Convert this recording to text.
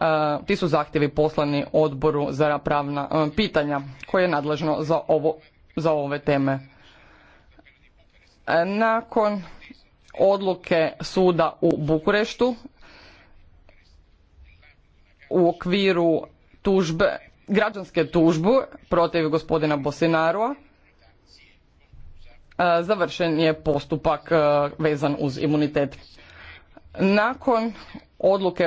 E, ti su zahtjevi poslani odboru za pravna e, pitanja koje je nadležno za, ovo, za ove teme. E, nakon odluke suda u Bukureštu u okviru tužbe, građanske tužbu protiv gospodina Bosinarova završen je postupak vezan uz imunitet. Nakon odluke